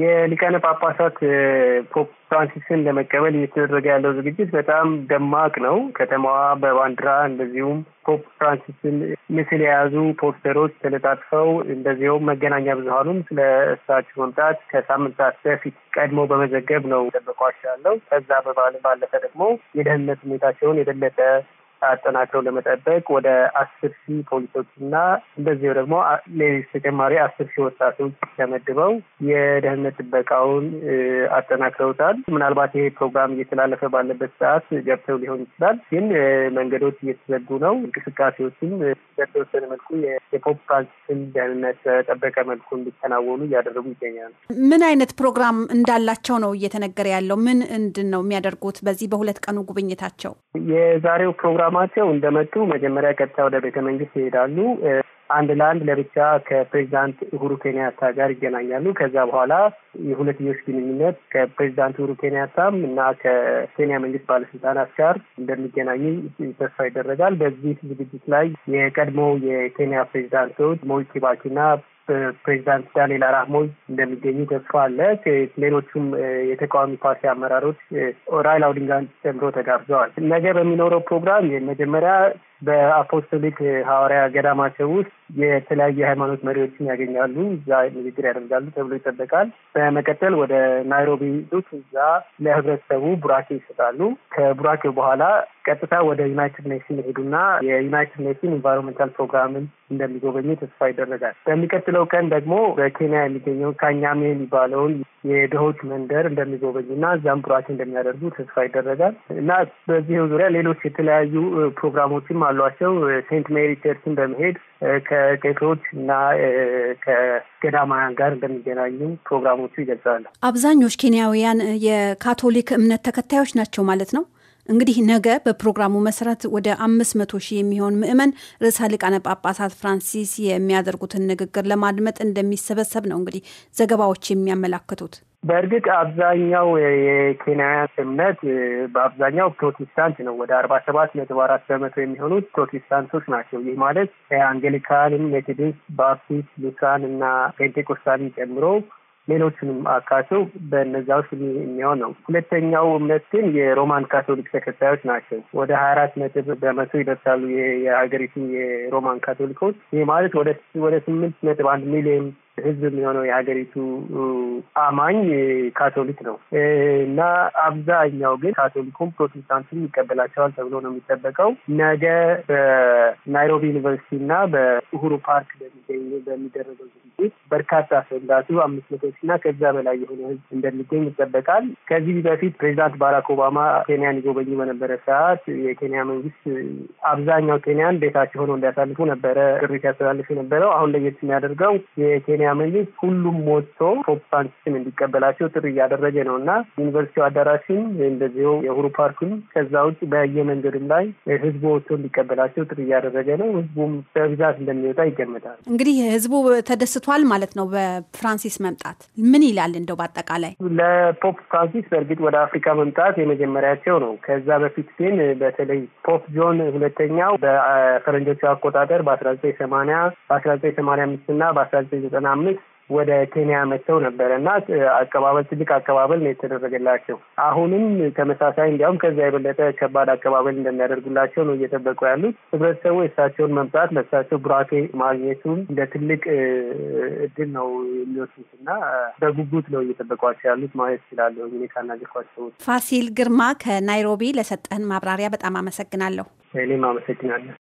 የሊቃነ ጳጳሳት ፖፕ ፍራንሲስን ለመቀበል እየተደረገ ያለው ዝግጅት በጣም ደማቅ ነው። ከተማዋ በባንዲራ እንደዚሁም ፖፕ ፍራንሲስን ምስል የያዙ ፖስተሮች ተለጣጥፈው እንደዚሁም መገናኛ ብዙሀኑም ስለ እሳቸው መምጣት ከሳምንታት በፊት ቀድሞ በመዘገብ ነው ጠብቋቸው ያለው። ከዛ በባል ባለፈ ደግሞ የደህንነት ሁኔታቸውን የበለጠ አጠናክረው ለመጠበቅ ወደ አስር ሺህ ፖሊሶች እና እንደዚሁ ደግሞ ሌሎች ተጨማሪ አስር ሺህ ወጣቶች ተመድበው የደህንነት ጥበቃውን አጠናክረውታል። ምናልባት ይሄ ፕሮግራም እየተላለፈ ባለበት ሰዓት ገብተው ሊሆን ይችላል። ግን መንገዶች እየተዘጉ ነው። እንቅስቃሴዎችም በተወሰነ መልኩ የፖፕ ፍራንሲስን ደህንነት በጠበቀ መልኩ እንዲከናወኑ እያደረጉ ይገኛሉ። ምን አይነት ፕሮግራም እንዳላቸው ነው እየተነገረ ያለው? ምን እንድን ነው የሚያደርጉት በዚህ በሁለት ቀኑ ጉብኝታቸው? የዛሬው ፕሮግራም ዓላማቸው እንደመጡ መጀመሪያ ቀጥታ ወደ ቤተ መንግስት ይሄዳሉ። አንድ ለአንድ ለብቻ ከፕሬዚዳንት ኡሁሩ ኬንያታ ጋር ይገናኛሉ። ከዛ በኋላ የሁለትዮሽ ግንኙነት ከፕሬዚዳንት ኡሁሩ ኬንያታም እና ከኬንያ መንግስት ባለስልጣናት ጋር እንደሚገናኙ ተስፋ ይደረጋል። በዚህ ዝግጅት ላይ የቀድሞው የኬንያ ፕሬዚዳንቶች ሞይ ኪባኪና ፕሬዚዳንት ዳንኤል አራሞይ እንደሚገኙ ተስፋ አለ። ሌሎቹም የተቃዋሚ ፓርቲ አመራሮች ራይላ ኦዲንጋን ጨምሮ ተጋብዘዋል። ነገ በሚኖረው ፕሮግራም መጀመሪያ በአፖስቶሊክ ሐዋርያ ገዳማቸው ውስጥ የተለያዩ የሃይማኖት መሪዎችን ያገኛሉ። እዛ ንግግር ያደርጋሉ ተብሎ ይጠበቃል። በመቀጠል ወደ ናይሮቢ ዱት እዛ ለህብረተሰቡ ቡራኬ ይሰጣሉ። ከቡራኬው በኋላ ቀጥታ ወደ ዩናይትድ ኔሽን ይሄዱና የዩናይትድ ኔሽን ኢንቫይሮንሜንታል ፕሮግራምን እንደሚጎበኙ ተስፋ ይደረጋል። በሚቀጥለው ቀን ደግሞ በኬንያ የሚገኘው ካኛሜ የሚባለውን የድሆች መንደር እንደሚጎበኙና እዛም ቡራኬ እንደሚያደርጉ ተስፋ ይደረጋል እና በዚህ ዙሪያ ሌሎች የተለያዩ ፕሮግራሞችም አሏቸው። ሴንት ሜሪ ቸርችን በመሄድ ከቄሶች እና ከገዳማውያን ጋር እንደሚገናኙ ፕሮግራሞቹ ይገልጻሉ። አብዛኞች ኬንያውያን የካቶሊክ እምነት ተከታዮች ናቸው ማለት ነው። እንግዲህ ነገ በፕሮግራሙ መሰረት ወደ አምስት መቶ ሺህ የሚሆን ምዕመን ርዕሰ ሊቃነ ጳጳሳት ፍራንሲስ የሚያደርጉትን ንግግር ለማድመጥ እንደሚሰበሰብ ነው እንግዲህ ዘገባዎች የሚያመላክቱት። በእርግጥ አብዛኛው የኬንያውያን እምነት በአብዛኛው ፕሮቴስታንት ነው። ወደ አርባ ሰባት ነጥብ አራት በመቶ የሚሆኑት ፕሮቴስታንቶች ናቸው። ይህ ማለት አንግሊካንም፣ ሜቶዲስት፣ ባፕቲስት፣ ሉትራን እና ፔንቴኮስታልን ጨምሮ ሌሎችንም አካቶ በእነዛ ውስጥ የሚሆን ነው። ሁለተኛው እምነት ግን የሮማን ካቶሊክ ተከታዮች ናቸው። ወደ ሀያ አራት ነጥብ በመቶ ይደርሳሉ የሀገሪቱ የሮማን ካቶሊኮች። ይህ ማለት ወደ ስምንት ነጥብ አንድ ሚሊዮን ህዝብ የሚሆነው የሀገሪቱ አማኝ ካቶሊክ ነው እና አብዛኛው ግን ካቶሊኩም ፕሮቴስታንትም ይቀበላቸዋል ተብሎ ነው የሚጠበቀው። ነገ በናይሮቢ ዩኒቨርሲቲ እና በኡሁሩ ፓርክ በሚደረገው በርካታ ሰንዳቱ አምስት መቶ ሺና ከዛ በላይ የሆነ ህዝብ እንደሚገኝ ይጠበቃል። ከዚህ በፊት ፕሬዚዳንት ባራክ ኦባማ ኬንያን ይጎበኙ በነበረ ሰዓት የኬንያ መንግስት አብዛኛው ኬንያን ቤታቸው ሆነው እንዲያሳልፉ ነበረ ጥሪ ሲያስተላልፍ የነበረው። አሁን ለየት የሚያደርገው የኬንያ መንግስት ሁሉም ወጥቶ ፕሮቴስታንት እንዲቀበላቸው ጥሪ እያደረገ ነው እና ዩኒቨርሲቲው አዳራሽን እንደዚሁ የሁሩ ፓርኩን ከዛ ውጭ በየመንገዱም ላይ ህዝቡ ወጥቶ እንዲቀበላቸው ጥሪ እያደረገ ነው። ህዝቡም በብዛት እንደሚወጣ ይገመታል። እንግዲህ ህዝቡ ተደስቶ ተመልሷል ማለት ነው በፍራንሲስ መምጣት ምን ይላል እንደው በአጠቃላይ ለፖፕ ፍራንሲስ በእርግጥ ወደ አፍሪካ መምጣት የመጀመሪያቸው ነው ከዛ በፊት ግን በተለይ ፖፕ ጆን ሁለተኛው በፈረንጆቹ አቆጣጠር በአስራ ዘጠኝ ሰማኒያ በአስራ ዘጠኝ ሰማኒያ አምስት እና በአስራ ዘጠኝ ዘጠና አምስት ወደ ኬንያ መጥተው ነበረ እና አቀባበል ትልቅ አቀባበል ነው የተደረገላቸው። አሁንም ተመሳሳይ እንዲያውም ከዛ የበለጠ ከባድ አቀባበል እንደሚያደርጉላቸው ነው እየጠበቁ ያሉት። ህብረተሰቡ የእሳቸውን መምጣት ለእሳቸው ቡራኬ ማግኘቱን እንደ ትልቅ እድል ነው የሚወስዱት እና በጉጉት ነው እየጠበቋቸው ያሉት ማለት ይችላለሁ። እኔ ካናገርኳቸው ፋሲል ግርማ ከናይሮቢ ለሰጠህን ማብራሪያ በጣም አመሰግናለሁ። እኔም አመሰግናለሁ።